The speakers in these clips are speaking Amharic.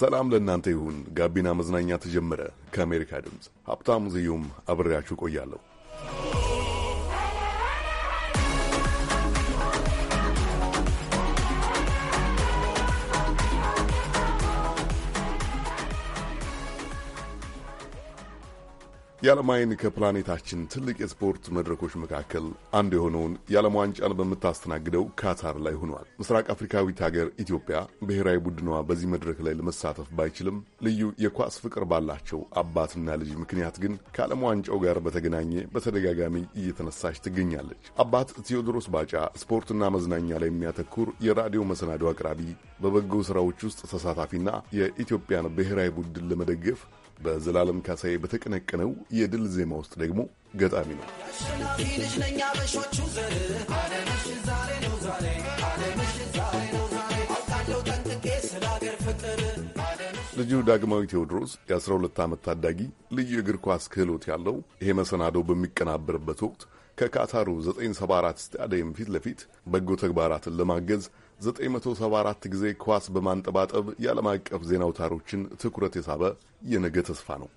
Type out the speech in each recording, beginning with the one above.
ሰላም ለእናንተ ይሁን። ጋቢና መዝናኛ ተጀመረ። ከአሜሪካ ድምፅ ሀብታሙ ዝዩም አብሬያችሁ ቆያለሁ። የዓለም አይን ከፕላኔታችን ትልቅ የስፖርት መድረኮች መካከል አንዱ የሆነውን የዓለም ዋንጫን በምታስተናግደው ካታር ላይ ሆኗል። ምስራቅ አፍሪካዊት ሀገር ኢትዮጵያ ብሔራዊ ቡድኗ በዚህ መድረክ ላይ ለመሳተፍ ባይችልም ልዩ የኳስ ፍቅር ባላቸው አባትና ልጅ ምክንያት ግን ከዓለም ዋንጫው ጋር በተገናኘ በተደጋጋሚ እየተነሳች ትገኛለች። አባት ቴዎድሮስ ባጫ ስፖርትና መዝናኛ ላይ የሚያተኩር የራዲዮ መሰናዶ አቅራቢ፣ በበጎ ስራዎች ውስጥ ተሳታፊና የኢትዮጵያን ብሔራዊ ቡድን ለመደገፍ በዘላለም ካሳዬ በተቀነቀነው የድል ዜማ ውስጥ ደግሞ ገጣሚ ነው። ልጁ ዳግማዊ ቴዎድሮስ የ12 ዓመት ታዳጊ ልዩ የእግር ኳስ ክህሎት ያለው ይሄ መሰናዶ በሚቀናበርበት ወቅት ከካታሩ 974 ስታዲየም ፊት ለፊት በጎ ተግባራትን ለማገዝ 974 ጊዜ ኳስ በማንጠባጠብ የዓለም አቀፍ ዜና አውታሮችን ትኩረት የሳበ የነገ ተስፋ ነው።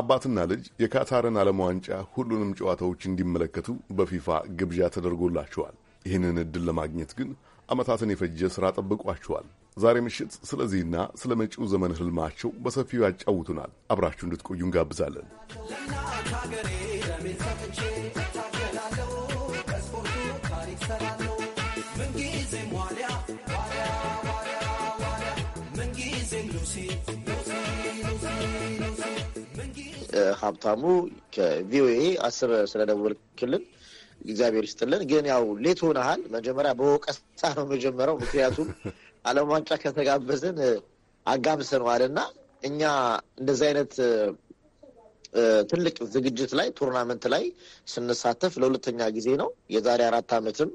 አባትና ልጅ የካታርን ዓለም ዋንጫ ሁሉንም ጨዋታዎች እንዲመለከቱ በፊፋ ግብዣ ተደርጎላቸዋል። ይህንን ዕድል ለማግኘት ግን ዓመታትን የፈጀ ሥራ ጠብቋቸዋል። ዛሬ ምሽት ስለዚህና ስለ መጪው ዘመን ህልማቸው በሰፊው ያጫውቱናል። አብራችሁ እንድትቆዩ እንጋብዛለን። ሀብታሙ ከቪኦኤ አስር ስለደወልክልን እግዚአብሔር ይስጥልን። ግን ያው ሌት ሆነሃል። መጀመሪያ በወቀሳ ነው መጀመሪያው። ምክንያቱም ዓለም ዋንጫ ከተጋበዝን አጋብሰነዋል እና እኛ እንደዚህ አይነት ትልቅ ዝግጅት ላይ ቱርናመንት ላይ ስንሳተፍ ለሁለተኛ ጊዜ ነው። የዛሬ አራት ዓመትም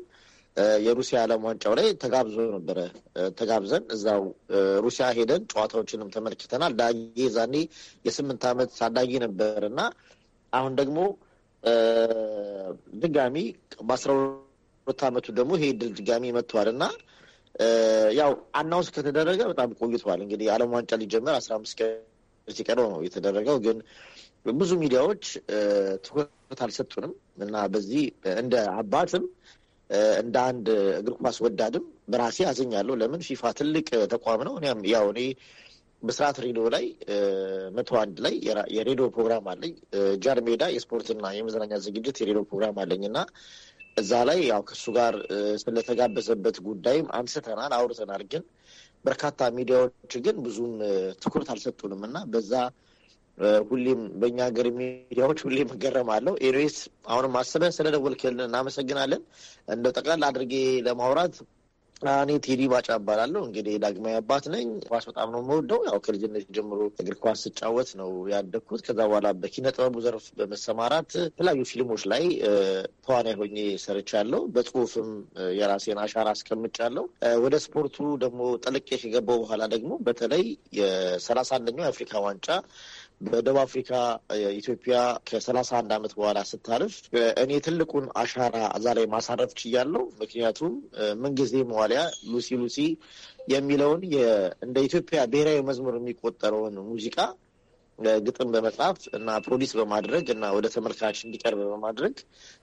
የሩሲያ ዓለም ዋንጫው ላይ ተጋብዞ ነበረ። ተጋብዘን እዛው ሩሲያ ሄደን ጨዋታዎችንም ተመልክተናል። ዳጊ ዛኔ የስምንት ዓመት ታዳጊ ነበር እና አሁን ደግሞ ድጋሚ በአስራ ሁለት ዓመቱ ደግሞ ይሄ ድል ድጋሚ መጥተዋል እና ያው አናውንስ ከተደረገ በጣም ቆይተዋል። እንግዲህ ዓለም ዋንጫ ሊጀመር አስራ አምስት ቀን ሲቀረው ነው የተደረገው። ግን ብዙ ሚዲያዎች ትኩረት አልሰጡንም እና በዚህ እንደ አባትም እንደ አንድ እግር ኳስ ወዳድም በራሴ አዝኛለሁ። ለምን ፊፋ ትልቅ ተቋም ነው። ያው እኔ ብስራት ሬዲዮ ላይ መቶ አንድ ላይ የሬዲዮ ፕሮግራም አለኝ። ጃር ሜዳ የስፖርትና የመዝናኛ ዝግጅት የሬዲዮ ፕሮግራም አለኝ እና እዛ ላይ ያው ከእሱ ጋር ስለተጋበዘበት ጉዳይም አንስተናል፣ አውርተናል። ግን በርካታ ሚዲያዎች ግን ብዙም ትኩረት አልሰጡንም እና በዛ ሁሌም በእኛ ሀገር ሚዲያዎች ሁሌም እገረማለሁ። ኤኒዌይስ አሁንም አስበህ ስለደወልክልን እናመሰግናለን። እንደው ጠቅላላ አድርጌ ለማውራት እኔ ቴዲ ባጫ እባላለሁ። እንግዲህ ዳግማዊ አባት ነኝ። ኳስ በጣም ነው የምወደው። ያው ከልጅነት ጀምሮ እግር ኳስ ስጫወት ነው ያደግኩት። ከዛ በኋላ በኪነ ጥበቡ ዘርፍ በመሰማራት የተለያዩ ፊልሞች ላይ ተዋናይ ሆኜ ሰርቻለሁ። በጽሁፍም የራሴን አሻራ አስቀምጫለሁ። ወደ ስፖርቱ ደግሞ ጠልቄ ከገባው በኋላ ደግሞ በተለይ የሰላሳ አንደኛው የአፍሪካ ዋንጫ በደቡብ አፍሪካ ኢትዮጵያ ከሰላሳ አንድ ዓመት በኋላ ስታልፍ እኔ ትልቁን አሻራ እዛ ላይ ማሳረፍ ችያለሁ። ምክንያቱም ምንጊዜ መዋሊያ ሉሲ ሉሲ የሚለውን እንደ ኢትዮጵያ ብሔራዊ መዝሙር የሚቆጠረውን ሙዚቃ ግጥም በመጻፍ እና ፕሮዲስ በማድረግ እና ወደ ተመልካች እንዲቀርብ በማድረግ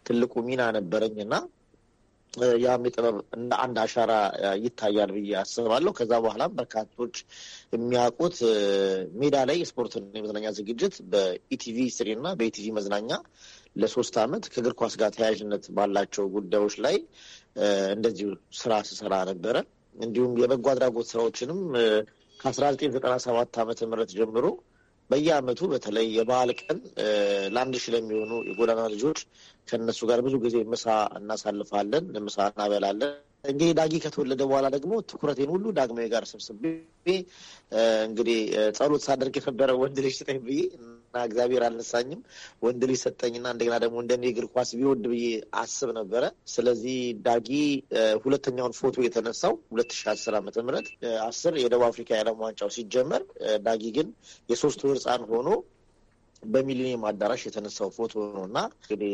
ትልቁ ሚና ነበረኝ እና ያም ጥበብ እንደ አንድ አሻራ ይታያል ብዬ አስባለሁ። ከዛ በኋላም በርካቶች የሚያውቁት ሜዳ ላይ የስፖርትና የመዝናኛ ዝግጅት በኢቲቪ ስሪ እና በኢቲቪ መዝናኛ ለሶስት ዓመት ከእግር ኳስ ጋር ተያያዥነት ባላቸው ጉዳዮች ላይ እንደዚሁ ስራ ስሰራ ነበረ። እንዲሁም የበጎ አድራጎት ስራዎችንም ከ 1997 ዘጠና ዓመተ ምህረት ጀምሮ በየአመቱ በተለይ የበዓል ቀን ለአንድ ሺህ ለሚሆኑ የጎዳና ልጆች ከእነሱ ጋር ብዙ ጊዜ ምሳ እናሳልፋለን፣ ምሳ እናበላለን። እንግዲህ ዳጊ ከተወለደ በኋላ ደግሞ ትኩረቴን ሁሉ ዳግማዊ ጋር ሰብስቤ እንግዲህ ጸሎት ሳደርግ የነበረ ወንድ ልጅ ስጠኝ ብዬ እና እግዚአብሔር አልነሳኝም። ወንድ ልጅ ሰጠኝና እንደገና ደግሞ እንደ እግር ኳስ ቢወድ ብዬ አስብ ነበረ። ስለዚህ ዳጊ ሁለተኛውን ፎቶ የተነሳው ሁለት ሺ አስር ዓመተ ምህረት አስር የደቡብ አፍሪካ የዓለም ዋንጫው ሲጀመር ዳጊ ግን የሶስት ወር ህፃን ሆኖ በሚሊኒየም አዳራሽ የተነሳው ፎቶ ነው እና እንግዲህ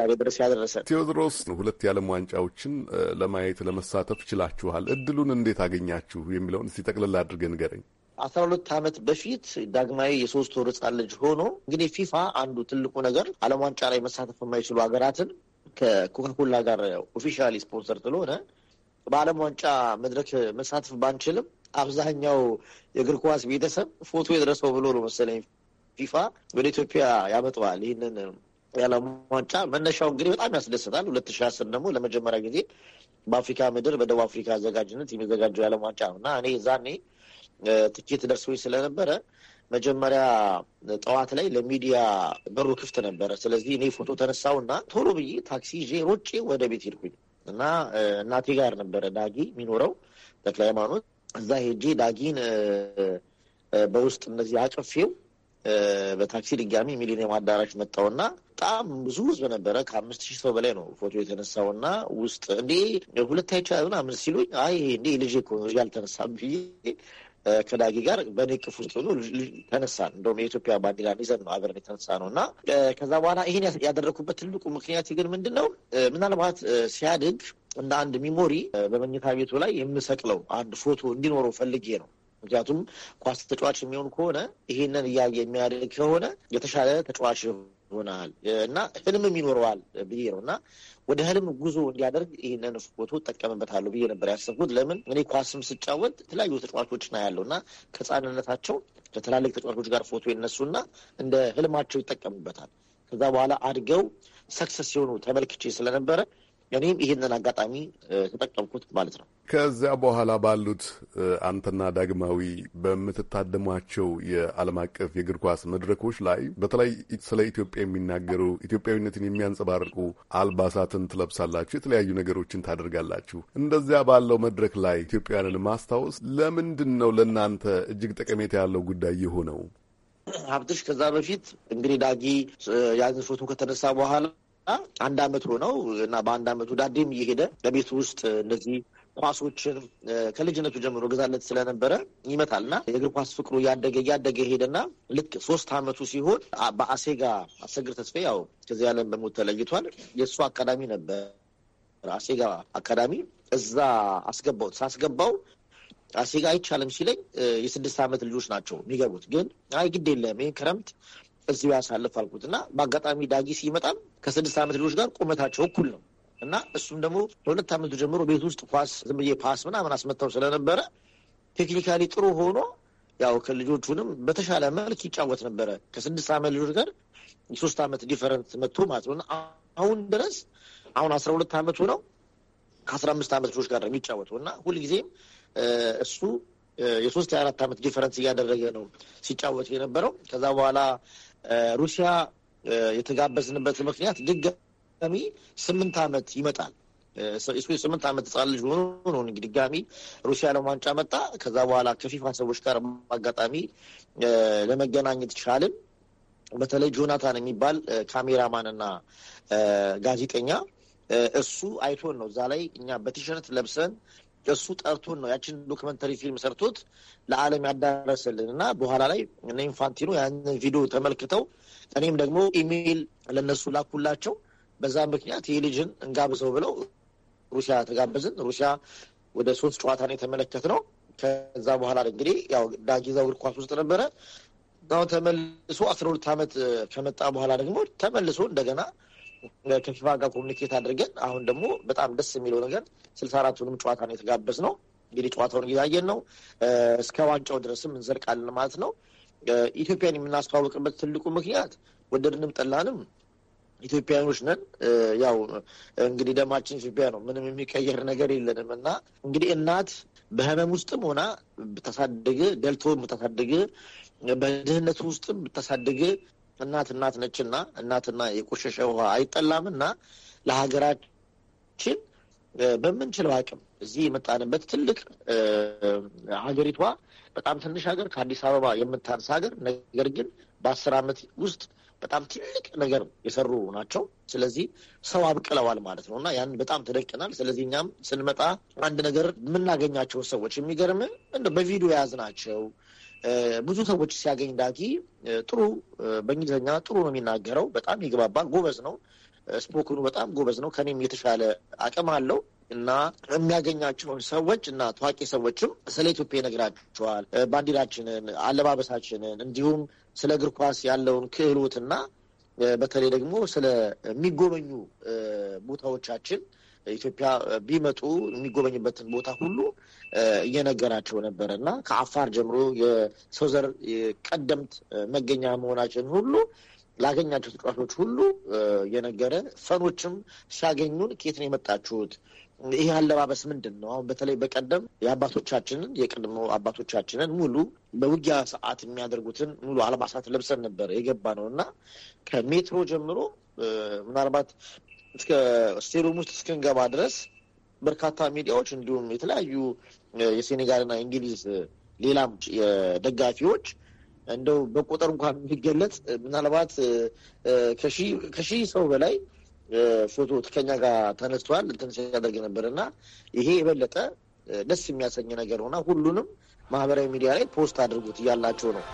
ዛሬ ድረስ ያደረሰ ቴዎድሮስ፣ ሁለት የዓለም ዋንጫዎችን ለማየት ለመሳተፍ ችላችኋል። እድሉን እንዴት አገኛችሁ የሚለውን እስቲ ጠቅልላ አድርገህ ንገረኝ። አስራ ሁለት ዓመት በፊት ዳግማዊ የሶስት ወር ህጻን ልጅ ሆኖ እንግዲህ ፊፋ አንዱ ትልቁ ነገር ዓለም ዋንጫ ላይ መሳተፍ የማይችሉ ሀገራትን ከኮካኮላ ጋር ኦፊሻሊ ስፖንሰር ስለሆነ በዓለም ዋንጫ መድረክ መሳተፍ ባንችልም አብዛኛው የእግር ኳስ ቤተሰብ ፎቶ የደረሰው ብሎ ነው መሰለኝ ፊፋ ወደ ኢትዮጵያ ያመጣዋል ይህንን የዓለም ዋንጫ መነሻው እንግዲህ በጣም ያስደስታል። ሁለት ሺህ አስር ደግሞ ለመጀመሪያ ጊዜ በአፍሪካ ምድር በደቡብ አፍሪካ አዘጋጅነት የሚዘጋጀው የዓለም ዋንጫ ነው እና እኔ ዛኔ ትኬት ደርሶኝ ስለነበረ መጀመሪያ ጠዋት ላይ ለሚዲያ በሩ ክፍት ነበረ። ስለዚህ እኔ ፎቶ ተነሳው እና ቶሎ ብዬ ታክሲ ይዤ ሮጬ ወደ ቤት ሄድኩኝ እና እናቴ ጋር ነበረ ዳጊ የሚኖረው ተክለ ሃይማኖት። እዛ ሄጄ ዳጊን በውስጥ እነዚህ አቅፌው በታክሲ ድጋሚ ሚሊኒየም አዳራሽ መጣውና በጣም ብዙ ህዝብ ነበረ። ከአምስት ሺህ ሰው በላይ ነው ፎቶ የተነሳው እና ውስጥ እንዴ ሁለት አይቻ ምናምን ሲሉኝ አይ እንዴ ልጅ እኮ ያልተነሳ ብዬ ከዳጊ ጋር በእኔ ቅፍ ውስጥ ሆኖ ተነሳን። እንደውም የኢትዮጵያ ባንዲራ ይዘን ነው አብረን የተነሳ ነው እና ከዛ በኋላ ይህን ያደረግኩበት ትልቁ ምክንያት ግን ምንድን ነው ምናልባት ሲያድግ እንደ አንድ ሚሞሪ በመኝታ ቤቱ ላይ የምሰቅለው አንድ ፎቶ እንዲኖረው ፈልጌ ነው። ምክንያቱም ኳስ ተጫዋች የሚሆን ከሆነ ይሄንን እያየ የሚያደግ ከሆነ የተሻለ ተጫዋች ይሆናል እና ህልምም ይኖረዋል ብዬ ነው እና ወደ ህልም ጉዞ እንዲያደርግ ይህንን ፎቶ እጠቀምበታለሁ ብዬ ነበር ያሰብኩት። ለምን እኔ ኳስም ስጫወት የተለያዩ ተጫዋቾች ና ያለው እና ከህፃንነታቸው ከትላልቅ ተጫዋቾች ጋር ፎቶ ይነሱና እንደ ህልማቸው ይጠቀሙበታል። ከዛ በኋላ አድገው ሰክሰስ ሲሆኑ ተመልክቼ ስለነበረ እኔም ይህንን አጋጣሚ ተጠቀምኩት ማለት ነው። ከዚያ በኋላ ባሉት አንተና ዳግማዊ በምትታደሟቸው የዓለም አቀፍ የእግር ኳስ መድረኮች ላይ በተለይ ስለ ኢትዮጵያ የሚናገሩ ኢትዮጵያዊነትን የሚያንጸባርቁ አልባሳትን ትለብሳላችሁ፣ የተለያዩ ነገሮችን ታደርጋላችሁ። እንደዚያ ባለው መድረክ ላይ ኢትዮጵያውያንን ማስታወስ ለምንድን ነው ለእናንተ እጅግ ጠቀሜታ ያለው ጉዳይ የሆነው? ሀብትሽ፣ ከዛ በፊት እንግዲህ ዳጊ ያንን ፎቶ ከተነሳ በኋላ አንድ አመት ነው እና በአንድ አመቱ ዳዴም እየሄደ በቤት ውስጥ እነዚህ ኳሶችን ከልጅነቱ ጀምሮ ገዛለት ስለነበረ ይመታል እና የእግር ኳስ ፍቅሩ እያደገ እያደገ ሄደና ልክ ሶስት አመቱ ሲሆን በአሴጋ አሰግር ተስፋ ያው ከዚህ ዓለም በሞት ተለይቷል። የእሱ አካዳሚ ነበር አሴጋ አካዳሚ። እዛ አስገባው ሳስገባው አሴጋ አይቻልም ሲለኝ የስድስት ዓመት ልጆች ናቸው የሚገቡት፣ ግን አይ ግድ የለም ይህን ክረምት እዚሁ ያሳልፍ አልኩት እና በአጋጣሚ ዳጊ ሲመጣም ከስድስት ዓመት ልጆች ጋር ቁመታቸው እኩል ነው እና እሱም ደግሞ ከሁለት ዓመቱ ጀምሮ ቤት ውስጥ ኳስ ዝም ብዬ ፓስ ምናምን አስመታው ስለነበረ ቴክኒካሊ ጥሩ ሆኖ ያው ከልጆቹንም በተሻለ መልክ ይጫወት ነበረ። ከስድስት ዓመት ልጆች ጋር የሶስት ዓመት ዲፈረንት መጥቶ ማለት ነው። አሁን ድረስ አሁን አስራ ሁለት ዓመቱ ነው ከአስራ አምስት ዓመት ልጆች ጋር ነው የሚጫወተው እና ሁልጊዜም እሱ የሶስት የአራት ዓመት ዲፈረንስ እያደረገ ነው ሲጫወት የነበረው። ከዛ በኋላ ሩሲያ የተጋበዝንበት ምክንያት ድጋሚ ስምንት ዓመት ይመጣል ስምንት ዓመት ህጻን ልጅ ሆኖ ነው እንግዲህ ድጋሚ ሩሲያ ለዋንጫ መጣ። ከዛ በኋላ ከፊፋ ሰዎች ጋር አጋጣሚ ለመገናኘት ቻልን። በተለይ ጆናታን የሚባል ካሜራማን እና ጋዜጠኛ እሱ አይቶን ነው እዛ ላይ እኛ በቲሸርት ለብሰን እሱ ጠርቶን ነው ያችን ዶክመንተሪ ፊልም ሰርቶት ለዓለም ያዳረሰልን እና በኋላ ላይ እነ ኢንፋንቲኖ ያንን ቪዲዮ ተመልክተው እኔም ደግሞ ኢሜይል ለነሱ ላኩላቸው። በዛ ምክንያት ይህ ልጅን እንጋብዘው ብለው ሩሲያ ተጋበዝን። ሩሲያ ወደ ሶስት ጨዋታ ነው የተመለከት ነው። ከዛ በኋላ እንግዲህ ያው ዳጊዛ እግር ኳስ ውስጥ ነበረ። ተመልሶ አስራ ሁለት ዓመት ከመጣ በኋላ ደግሞ ተመልሶ እንደገና ከፊፋ ጋር ኮሚኒኬት አድርገን አሁን ደግሞ በጣም ደስ የሚለው ነገር ስልሳ አራቱንም ጨዋታ ነው የተጋበዝ ነው። እንግዲህ ጨዋታውን እያየን ነው። እስከ ዋንጫው ድረስም እንዘርቃለን ማለት ነው። ኢትዮጵያን የምናስተዋውቅበት ትልቁ ምክንያት ወደድንም ጠላንም ኢትዮጵያኖች ነን። ያው እንግዲህ ደማችን ኢትዮጵያ ነው። ምንም የሚቀየር ነገር የለንም እና እንግዲህ እናት በህመም ውስጥም ሆና ብታሳድግ፣ ደልቶ ብታሳድግ፣ በድህነቱ ውስጥም ብታሳድግ እናት እናት ነችና እናትና የቆሸሸ ውሃ አይጠላምና ለሀገራችን በምንችለው አቅም እዚህ የመጣንበት ትልቅ ሀገሪቷ በጣም ትንሽ ሀገር ከአዲስ አበባ የምታንስ ሀገር ነገር ግን በአስር ዓመት ውስጥ በጣም ትልቅ ነገር የሰሩ ናቸው። ስለዚህ ሰው አብቅለዋል ማለት ነው እና ያን በጣም ተደቅናል። ስለዚህ እኛም ስንመጣ አንድ ነገር የምናገኛቸው ሰዎች የሚገርም በቪዲዮ የያዝናቸው ብዙ ሰዎች ሲያገኝ ዳጊ ጥሩ በእንግሊዝኛ ጥሩ ነው የሚናገረው። በጣም ይግባባል። ጎበዝ ነው። ስፖክኑ በጣም ጎበዝ ነው። ከኔም የተሻለ አቅም አለው እና የሚያገኛቸውን ሰዎች እና ታዋቂ ሰዎችም ስለ ኢትዮጵያ ይነግራቸዋል። ባንዲራችንን፣ አለባበሳችንን እንዲሁም ስለ እግር ኳስ ያለውን ክህሎትና በተለይ ደግሞ ስለሚጎበኙ ቦታዎቻችን ኢትዮጵያ ቢመጡ የሚጎበኝበትን ቦታ ሁሉ እየነገራቸው ነበረ እና ከአፋር ጀምሮ የሰው ዘር ቀደምት መገኛ መሆናችን ሁሉ ላገኛቸው ተጫዋቾች ሁሉ እየነገረ ፈኖችም ሲያገኙን ከየት ነው የመጣችሁት? ይህ አለባበስ ምንድን ነው? አሁን በተለይ በቀደም የአባቶቻችንን የቀድሞ አባቶቻችንን ሙሉ በውጊያ ሰዓት የሚያደርጉትን ሙሉ አልባሳት ለብሰን ነበር የገባ ነው እና ከሜትሮ ጀምሮ ምናልባት እስከ ስቴሩም ውስጥ እስክንገባ ድረስ በርካታ ሚዲያዎች እንዲሁም የተለያዩ የሴኔጋልና እንግሊዝ ሌላም ደጋፊዎች እንደው በቁጥር እንኳን የሚገለጽ ምናልባት ከሺህ ሰው በላይ ፎቶ ከኛ ጋር ተነስተዋል እንትን ሲያደርግ ነበር እና ይሄ የበለጠ ደስ የሚያሰኝ ነገር ሆና ሁሉንም ማህበራዊ ሚዲያ ላይ ፖስት አድርጉት እያላቸው ነው።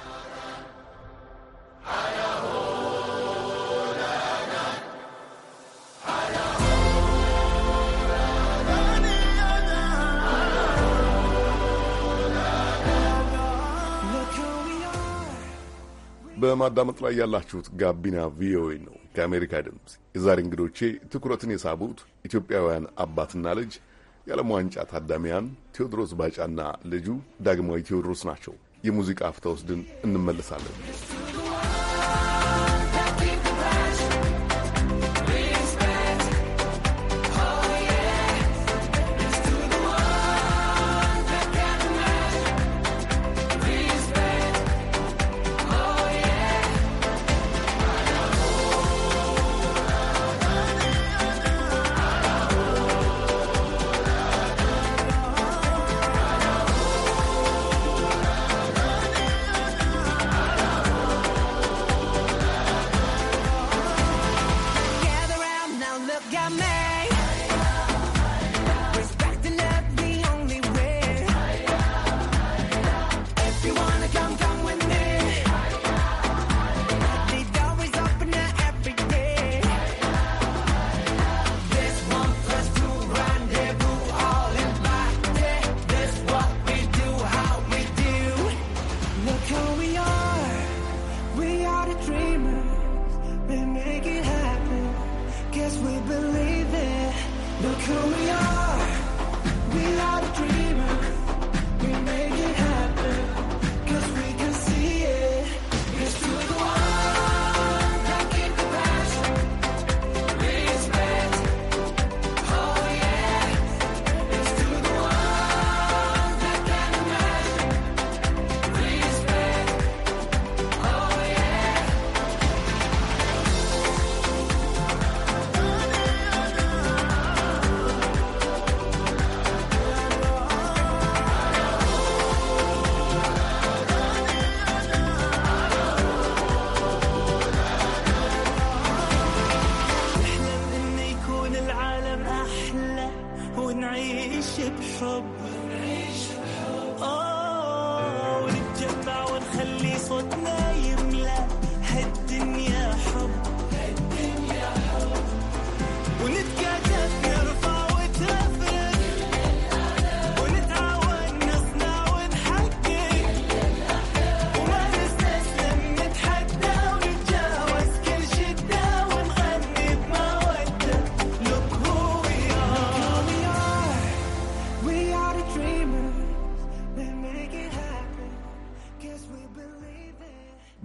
በማዳመጥ ላይ ያላችሁት ጋቢና ቪኦኤ ነው ከአሜሪካ ድምፅ። የዛሬ እንግዶቼ ትኩረትን የሳቡት ኢትዮጵያውያን አባትና ልጅ የዓለም ዋንጫ ታዳሚያን ቴዎድሮስ ባጫና ልጁ ዳግማዊ ቴዎድሮስ ናቸው። የሙዚቃ አፍታ ወስድን እንመለሳለን።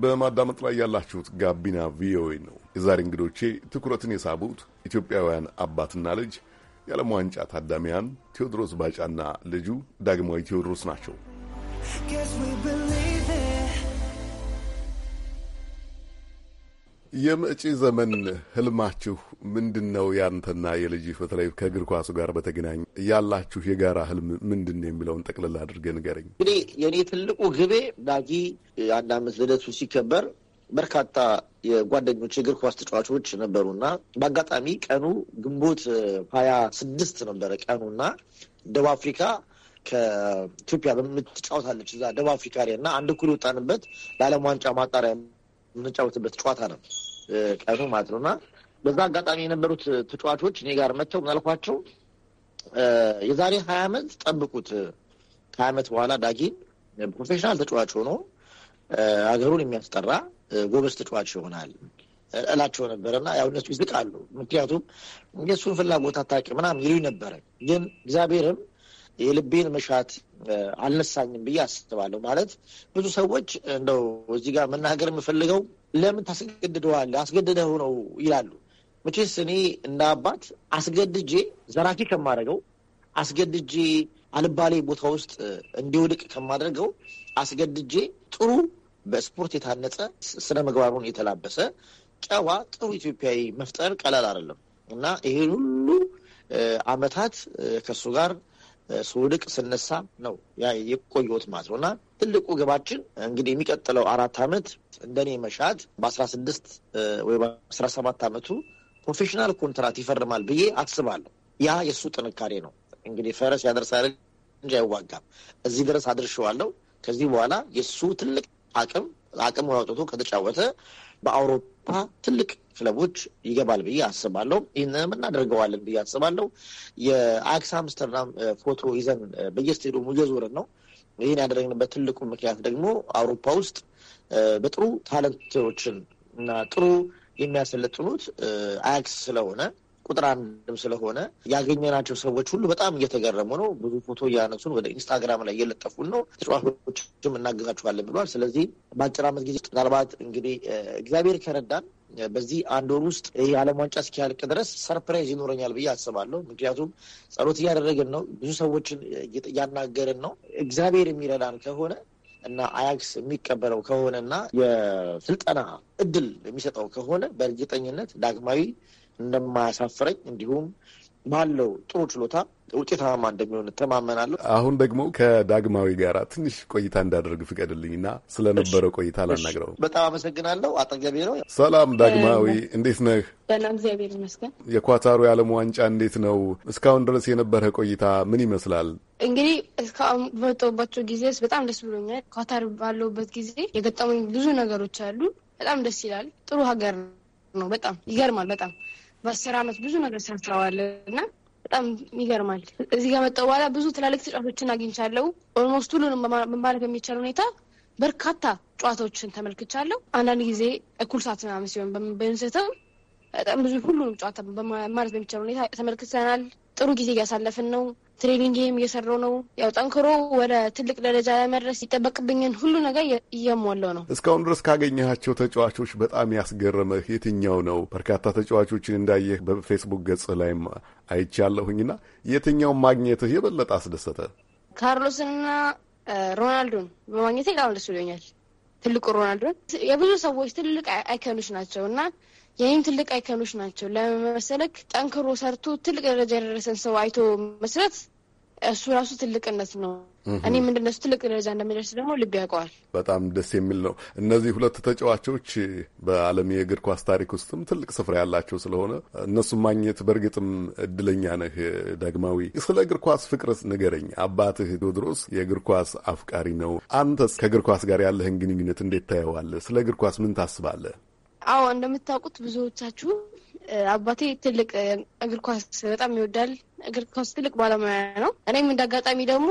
በማዳመጥ ላይ ያላችሁት ጋቢና ቪኦኤ ነው። የዛሬ እንግዶቼ ትኩረትን የሳቡት ኢትዮጵያውያን አባትና ልጅ የዓለም ዋንጫ ታዳሚያን ቴዎድሮስ ባጫና ልጁ ዳግማዊ ቴዎድሮስ ናቸው። የመጪ ዘመን ህልማችሁ ምንድን ነው? ያንተና የልጅህ በተለይ ከእግር ኳሱ ጋር በተገናኘ ያላችሁ የጋራ ህልም ምንድን ነው የሚለውን ጠቅልል አድርገህ ንገረኝ። እንግዲህ የእኔ ትልቁ ግቤ ዳጊ አንድ ዓመት ልደቱ ሲከበር በርካታ የጓደኞች የእግር ኳስ ተጫዋቾች ነበሩና በአጋጣሚ ቀኑ ግንቦት ሀያ ስድስት ነበረ ቀኑና ደቡብ አፍሪካ ከኢትዮጵያ በምትጫወታለች እዛ ደቡብ አፍሪካ ላይ እና አንድ እኩል ወጣንበት ለዓለም ዋንጫ ማጣሪያ የምንጫወትበት ጨዋታ ነው ቀኑ ማለት ነው። እና በዛ አጋጣሚ የነበሩት ተጫዋቾች እኔ ጋር መጥተው ምናልኳቸው የዛሬ ሀያ ዓመት ጠብቁት ከሀያ አመት በኋላ ዳጊን ፕሮፌሽናል ተጫዋች ሆኖ ሀገሩን የሚያስጠራ ጎበዝ ተጫዋች ይሆናል እላቸው ነበረ እና ያው እነሱ ይስቃሉ። ምክንያቱም የእሱን ፍላጎት አታውቂ ምናምን ይሉኝ ነበረ። ግን እግዚአብሔርም የልቤን መሻት አልነሳኝም ብዬ አስባለሁ። ማለት ብዙ ሰዎች እንደው እዚህ ጋር መናገር የምፈልገው ለምን ታስገድደዋል አስገድደው ነው ይላሉ። መቼስ እኔ እንደ አባት አስገድጄ ዘራፊ ከማደርገው አስገድጄ አልባሌ ቦታ ውስጥ እንዲወድቅ ከማደርገው አስገድጄ ጥሩ በስፖርት የታነጸ ስነ ምግባሩን የተላበሰ ጨዋ ጥሩ ኢትዮጵያዊ መፍጠር ቀላል አይደለም እና ይሄን ሁሉ አመታት ከእሱ ጋር ስውድቅ ስነሳ ነው ያ የቆየሁት ማለት ነው። እና ትልቁ ግባችን እንግዲህ የሚቀጥለው አራት ዓመት እንደኔ መሻት በአስራ ስድስት ወይ በአስራ ሰባት ዓመቱ ፕሮፌሽናል ኮንትራት ይፈርማል ብዬ አስባለሁ። ያ የእሱ ጥንካሬ ነው። እንግዲህ ፈረስ ያደርሳል እንጂ አይዋጋም። እዚህ ድረስ አድርሼዋለሁ። ከዚህ በኋላ የእሱ ትልቅ አቅም አቅም አውጥቶ ከተጫወተ በአውሮፓ ትልቅ ክለቦች ይገባል ብዬ አስባለሁ። ይህንንም እናደርገዋለን ብዬ አስባለሁ። የአክስ አምስተርዳም ፎቶ ይዘን በየስቴዲየሙ እየዞርን ነው። ይህን ያደረግንበት ትልቁ ምክንያት ደግሞ አውሮፓ ውስጥ በጥሩ ታለንቶችን እና ጥሩ የሚያሰለጥኑት አያክስ ስለሆነ ቁጥር አንድም ስለሆነ ያገኘናቸው ሰዎች ሁሉ በጣም እየተገረሙ ነው። ብዙ ፎቶ እያነሱን ወደ ኢንስታግራም ላይ እየለጠፉን ነው። ተጫዋቾችም እናገዛችኋለን ብሏል። ስለዚህ በአጭር ዓመት ጊዜ ምናልባት እንግዲህ እግዚአብሔር ከረዳን በዚህ አንድ ወር ውስጥ የዓለም ዋንጫ እስኪያልቅ ድረስ ሰርፕራይዝ ይኖረኛል ብዬ አስባለሁ። ምክንያቱም ጸሎት እያደረግን ነው፣ ብዙ ሰዎችን እያናገርን ነው። እግዚአብሔር የሚረዳን ከሆነ እና አያክስ የሚቀበለው ከሆነ እና የስልጠና እድል የሚሰጠው ከሆነ በእርግጠኝነት ዳግማዊ እንደማያሳፍረኝ እንዲሁም ባለው ጥሩ ችሎታ ውጤታማ እንደሚሆን ተማመናለሁ። አሁን ደግሞ ከዳግማዊ ጋር ትንሽ ቆይታ እንዳደርግ ፍቀድልኝና ስለነበረው ቆይታ ላናግረው። በጣም አመሰግናለሁ። አጠገቤ ነው። ሰላም ዳግማዊ፣ እንዴት ነህ? ሰላም፣ እግዚአብሔር ይመስገን። የኳታሩ የዓለም ዋንጫ እንዴት ነው? እስካሁን ድረስ የነበረ ቆይታ ምን ይመስላል? እንግዲህ እስካሁን በወጣሁባቸው ጊዜ በጣም ደስ ብሎኛል። ኳታር ባለሁበት ጊዜ የገጠሙኝ ብዙ ነገሮች አሉ። በጣም ደስ ይላል። ጥሩ ሀገር ነው። በጣም ይገርማል። በጣም በአስር አመት ብዙ ነገር ሰርተዋል እና በጣም ይገርማል። እዚህ ከመጣሁ በኋላ ብዙ ትላልቅ ተጫዋቾችን አግኝቻለሁ። ኦልሞስት ሁሉንም ማለት በሚቻል ሁኔታ በርካታ ጨዋታዎችን ተመልክቻለሁ። አንዳንድ ጊዜ እኩል ሰዓት ምናምን ሲሆን በንስተም በጣም ብዙ ሁሉንም ጨዋታ ማለት በሚቻል ሁኔታ ተመልክተናል። ጥሩ ጊዜ እያሳለፍን ነው። ትሬኒንግም እየሰራው ነው። ያው ጠንክሮ ወደ ትልቅ ደረጃ ለመድረስ ይጠበቅብኝን ሁሉ ነገር እየሞላው ነው። እስካሁን ድረስ ካገኘሃቸው ተጫዋቾች በጣም ያስገረመህ የትኛው ነው? በርካታ ተጫዋቾችን እንዳየህ በፌስቡክ ገጽ ላይም አይቻለሁኝና የትኛው ማግኘትህ የበለጠ አስደሰተ? ካርሎስንና ሮናልዶን በማግኘቴ በጣም ደስ ብሎኛል። ትልቁ ሮናልዶን የብዙ ሰዎች ትልቅ አይከኖች ናቸው እና ይህም ትልቅ አይከኖች ናቸው ለመመሰለክ ጠንክሮ ሰርቶ ትልቅ ደረጃ የደረሰን ሰው አይቶ መስረት እሱ ራሱ ትልቅነት ነው። እኔ ምንድን ትልቅ ደረጃ እንደሚደርስ ደግሞ ልብ ያውቀዋል። በጣም ደስ የሚል ነው። እነዚህ ሁለት ተጫዋቾች በዓለም የእግር ኳስ ታሪክ ውስጥም ትልቅ ስፍራ ያላቸው ስለሆነ እነሱን ማግኘት በእርግጥም እድለኛ ነህ። ዳግማዊ፣ ስለ እግር ኳስ ፍቅርስ ንገረኝ። አባትህ ቴዎድሮስ የእግር ኳስ አፍቃሪ ነው። አንተስ ከእግር ኳስ ጋር ያለህን ግንኙነት እንዴት ታየዋለህ? ስለ እግር ኳስ ምን ታስባለህ? አዎ እንደምታውቁት ብዙዎቻችሁ አባቴ ትልቅ እግር ኳስ በጣም ይወዳል። እግር ኳስ ትልቅ ባለሙያ ነው። እኔም እንዳጋጣሚ ደግሞ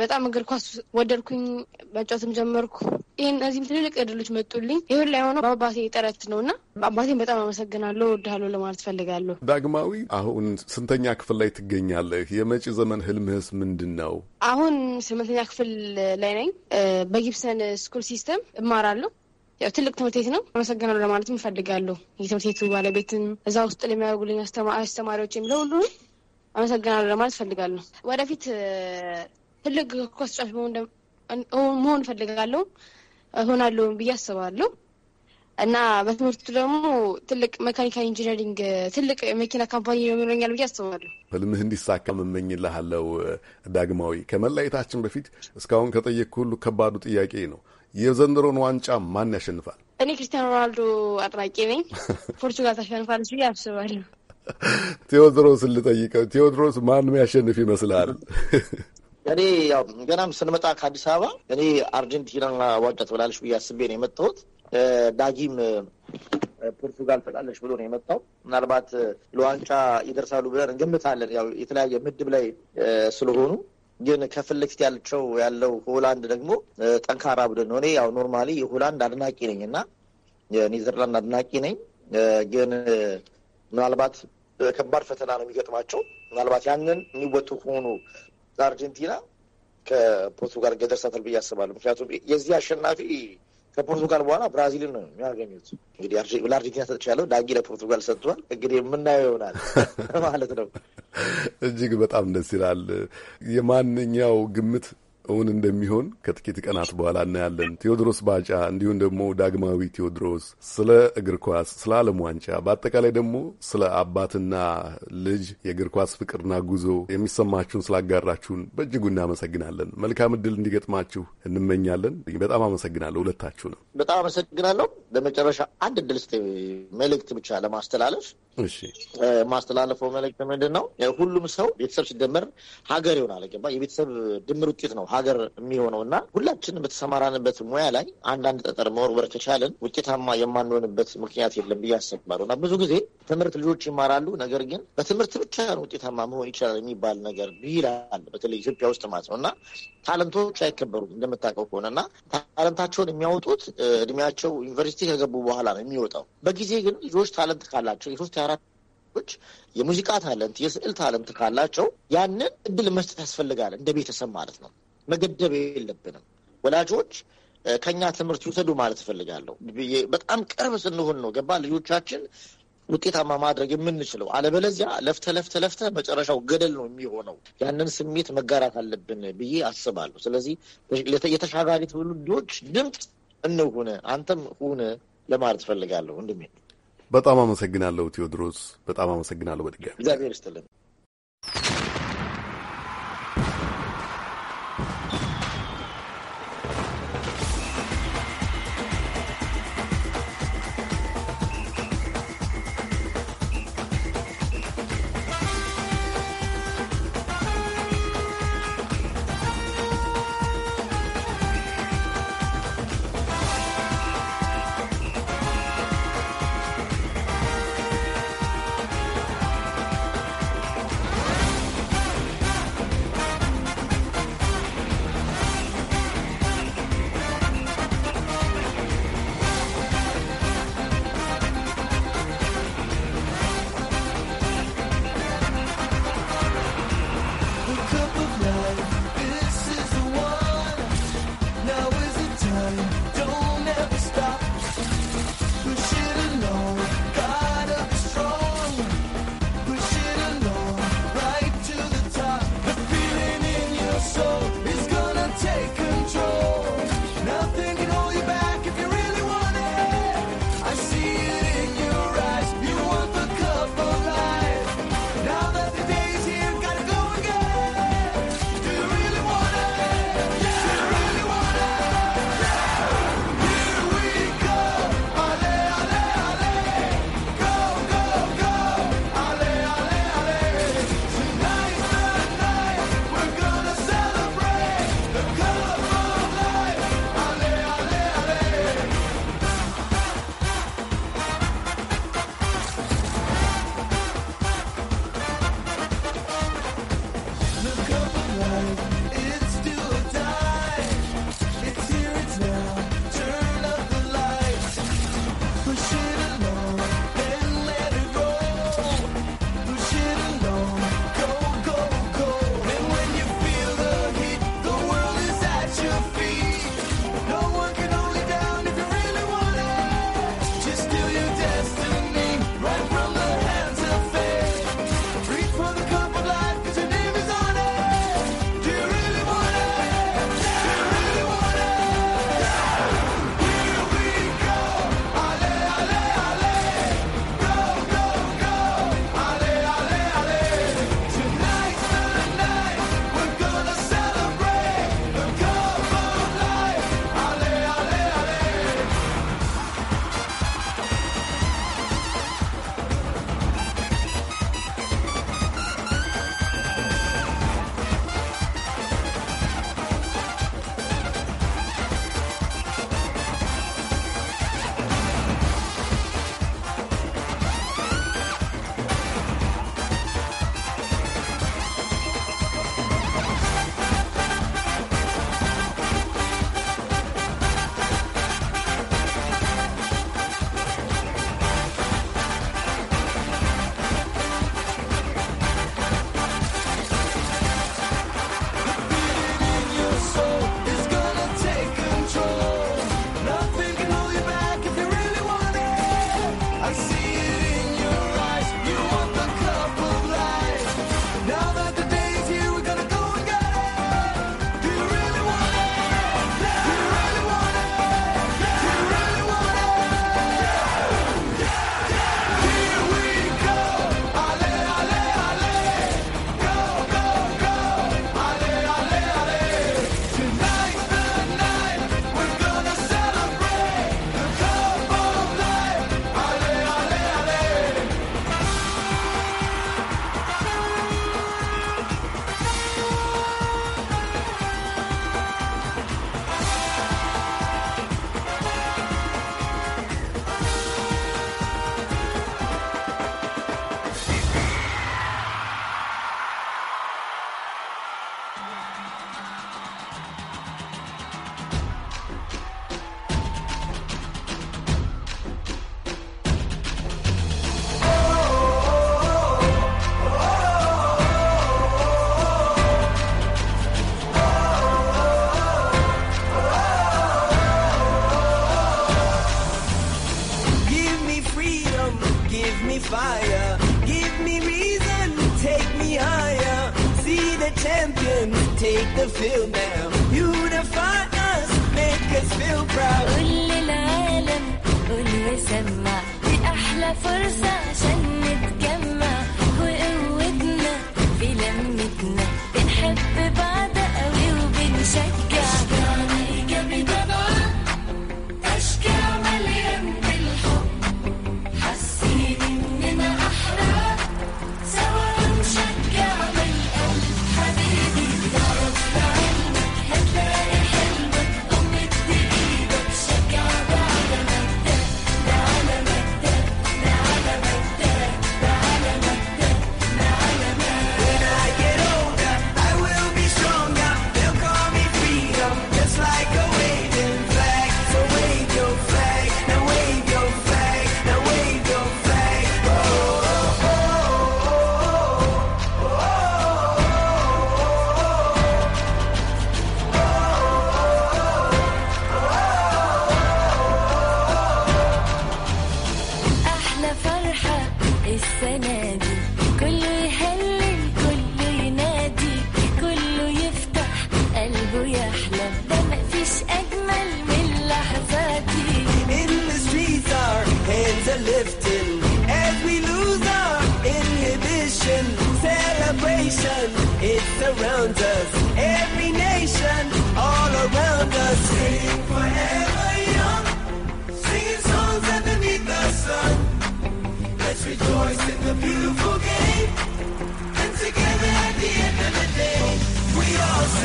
በጣም እግር ኳስ ወደድኩኝ፣ መጫወትም ጀመርኩ። ይህን እዚህም ትልልቅ እድሎች መጡልኝ። ይሁን ላይ ሆነው በአባቴ ጥረት ነው እና አባቴን በጣም አመሰግናለሁ፣ እወድሃለሁ ለማለት ፈልጋለሁ። ዳግማዊ፣ አሁን ስንተኛ ክፍል ላይ ትገኛለህ? የመጪ ዘመን ህልምህስ ምንድን ነው? አሁን ስምንተኛ ክፍል ላይ ነኝ። በጊብሰን ስኩል ሲስተም እማራለሁ። ያው ትልቅ ትምህርት ቤት ነው። አመሰግናለሁ ለማለትም እፈልጋለሁ የትምህርት ቤቱ ባለቤትም እዛ ውስጥ ለሚያደርጉልኝ አስተማሪዎች የሚለው ሁሉ አመሰግናለሁ ለማለት እፈልጋለሁ። ወደፊት ትልቅ ኳስ ተጫዋች መሆን እፈልጋለሁ እሆናለሁ ብዬ አስባለሁ እና በትምህርቱ ደግሞ ትልቅ መካኒካል ኢንጂነሪንግ ትልቅ መኪና ካምፓኒ የሚኖረኛል ብዬ አስባለሁ። ህልምህ እንዲሳካ መመኝልሃለው። ዳግማዊ ከመለያየታችን በፊት እስካሁን ከጠየቅኩ ሁሉ ከባዱ ጥያቄ ነው። የዘንድሮን ዋንጫ ማን ያሸንፋል? እኔ ክርስቲያኖ ሮናልዶ አጥራቂ ነኝ። ፖርቹጋል ታሸንፋለች ብዬ አስባለሁ። ቴዎድሮስ ልጠይቀው። ቴዎድሮስ ማን ያሸንፍ ይመስልሃል? እኔ ያው ገናም ስንመጣ ከአዲስ አበባ እኔ አርጀንቲና ዋንጫ ትበላለች ብዬ አስቤ ነው የመጣሁት። ዳጊም ፖርቱጋል ትበላለች ብሎ ነው የመጣው። ምናልባት ለዋንጫ ይደርሳሉ ብለን እንገምታለን። ያው የተለያየ ምድብ ላይ ስለሆኑ ግን ከፊት ለፊት ያለቸው ያለው ሆላንድ ደግሞ ጠንካራ ቡድን ሆኔ ያው ኖርማሊ የሆላንድ አድናቂ ነኝ እና የኔዘርላንድ አድናቂ ነኝ። ግን ምናልባት ከባድ ፈተና ነው የሚገጥማቸው። ምናልባት ያንን የሚወጡ ከሆኑ አርጀንቲና ከፖርቱጋል ጋር ይደርሳታል ብዬ አስባለሁ። ምክንያቱም የዚህ አሸናፊ ከፖርቱጋል በኋላ ብራዚልን ነው የሚያገኙት። እንግዲህ ለአርጀንቲና ሰጥቻለሁ፣ ዳጊ ለፖርቱጋል ሰጥቷል። እንግዲህ የምናየው ይሆናል ማለት ነው። እጅግ በጣም ደስ ይላል። የማንኛው ግምት እውን እንደሚሆን ከጥቂት ቀናት በኋላ እናያለን። ቴዎድሮስ ባጫ እንዲሁም ደግሞ ዳግማዊ ቴዎድሮስ ስለ እግር ኳስ፣ ስለ ዓለም ዋንጫ፣ በአጠቃላይ ደግሞ ስለ አባትና ልጅ የእግር ኳስ ፍቅርና ጉዞ የሚሰማችሁን ስላጋራችሁን በእጅጉ እናመሰግናለን። መልካም እድል እንዲገጥማችሁ እንመኛለን። በጣም አመሰግናለሁ። ሁለታችሁ ነው። በጣም አመሰግናለሁ። ለመጨረሻ አንድ እድል መልእክት ብቻ ለማስተላለፍ ማስተላለፈው መልእክት ምንድን ነው? ሁሉም ሰው ቤተሰብ ሲደመር ሀገር ይሆናል። ገባ? የቤተሰብ ድምር ውጤት ነው ሀገር የሚሆነው እና ሁላችንም በተሰማራንበት ሙያ ላይ አንዳንድ ጠጠር መወርወር ከቻለን ውጤታማ የማንሆንበት ምክንያት የለም ብዬ አስባለሁ። እና ብዙ ጊዜ ትምህርት ልጆች ይማራሉ፣ ነገር ግን በትምህርት ብቻ ውጤታማ መሆን ይቻላል የሚባል ነገር ይላል፣ በተለይ ኢትዮጵያ ውስጥ ማለት ነው። እና ታለንቶች አይከበሩም እንደምታውቀው ከሆነ እና ታለንታቸውን የሚያወጡት እድሜያቸው ዩኒቨርሲቲ ከገቡ በኋላ ነው የሚወጣው። በጊዜ ግን ልጆች ታለንት ካላቸው የሶስት አራቶች የሙዚቃ ታለንት፣ የስዕል ታለንት ካላቸው ያንን እድል መስጠት ያስፈልጋል። እንደ ቤተሰብ ማለት ነው። መገደብ የለብንም። ወላጆች ከኛ ትምህርት ይውሰዱ ማለት እፈልጋለሁ። በጣም ቅርብ ስንሆን ነው ገባ ልጆቻችን ውጤታማ ማድረግ የምንችለው። አለበለዚያ ለፍተ ለፍተ ለፍተ መጨረሻው ገደል ነው የሚሆነው። ያንን ስሜት መጋራት አለብን ብዬ አስባለሁ። ስለዚህ የተሻጋሪ ትውልዶች ድምፅ እንሁን፣ አንተም ሁን ለማለት እፈልጋለሁ ወንድሜ። በጣም አመሰግናለሁ ቴዎድሮስ፣ በጣም አመሰግናለሁ በድጋሚ እግዚአብሔር ይስጥልን።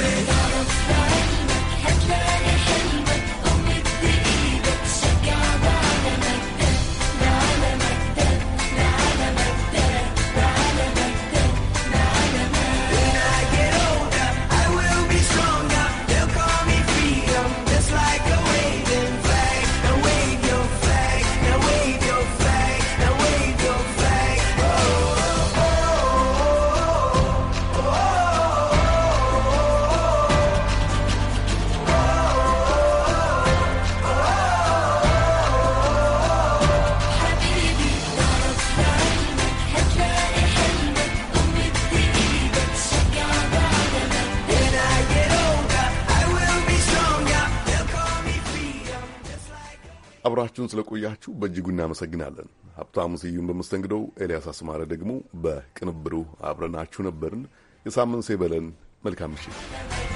Ready. አብራችሁን ስለቆያችሁ በእጅጉ እናመሰግናለን። ሀብታሙ ስዩም በመስተንግዶው፣ ኤልያስ አስማረ ደግሞ በቅንብሩ አብረናችሁ ነበርን። የሳምንት ሰው ይበለን። መልካም ምሽት።